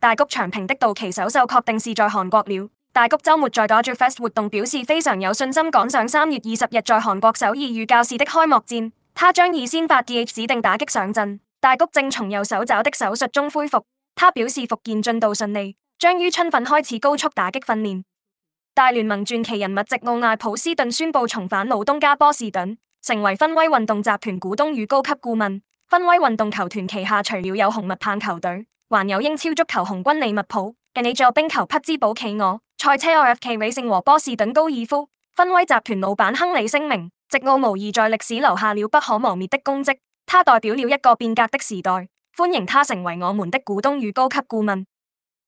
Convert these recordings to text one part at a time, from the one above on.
大谷翔平的道奇首秀確定是在韓國了。大谷周末在打住 Fest 活動表示非常有信心趕上三月二十日在韓國首爾與教士的開幕戰。他將以先發 DH 指定打擊上陣。大谷正從右手肘的手術中恢復，他表示復健進度順利，將於春訓開始高速打擊訓練。大聯盟傳奇人物席奧艾普斯頓宣布重返老東家波士頓，成為芬威運動集團股東與高級顧問。芬威運動球團旗下除了有紅襪棒球隊，還有英超足球紅軍利物浦、NHL 冰球匹茲堡企鵝、賽車 RFK Racing 和波士頓高爾夫，芬威集團老闆亨利聲明：席奧無疑在歷史留下了不可磨滅的功績，他代表了一個變革的時代。歡迎他成為我們的股東與高級顧問。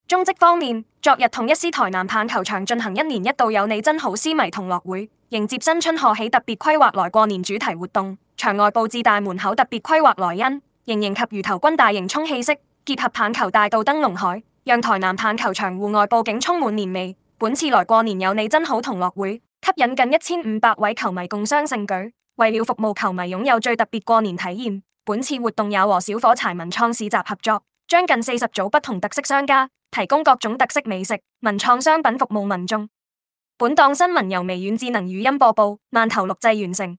中職方面，昨日統一獅台南棒球場進行一年一度有你真好絲迷同樂會，迎接新春賀喜，特別規劃來過年主題活動，場外布置大門口特別規劃萊恩、瑩瑩及魚頭軍大型充氣式。結合棒球大道燈籠海，讓台南棒球場戶外布景充滿年味。本次來過年有你真好同樂會，吸引近一千五百位球迷共襄盛舉。為了服務球迷擁有最特別過年體驗，本次活動也和小火柴文創市集合作，將近四十組不同特色商家提供各種特色美食、文創商品服務民眾。本檔新聞由微軟智能語音播報，萬頭錄製完成。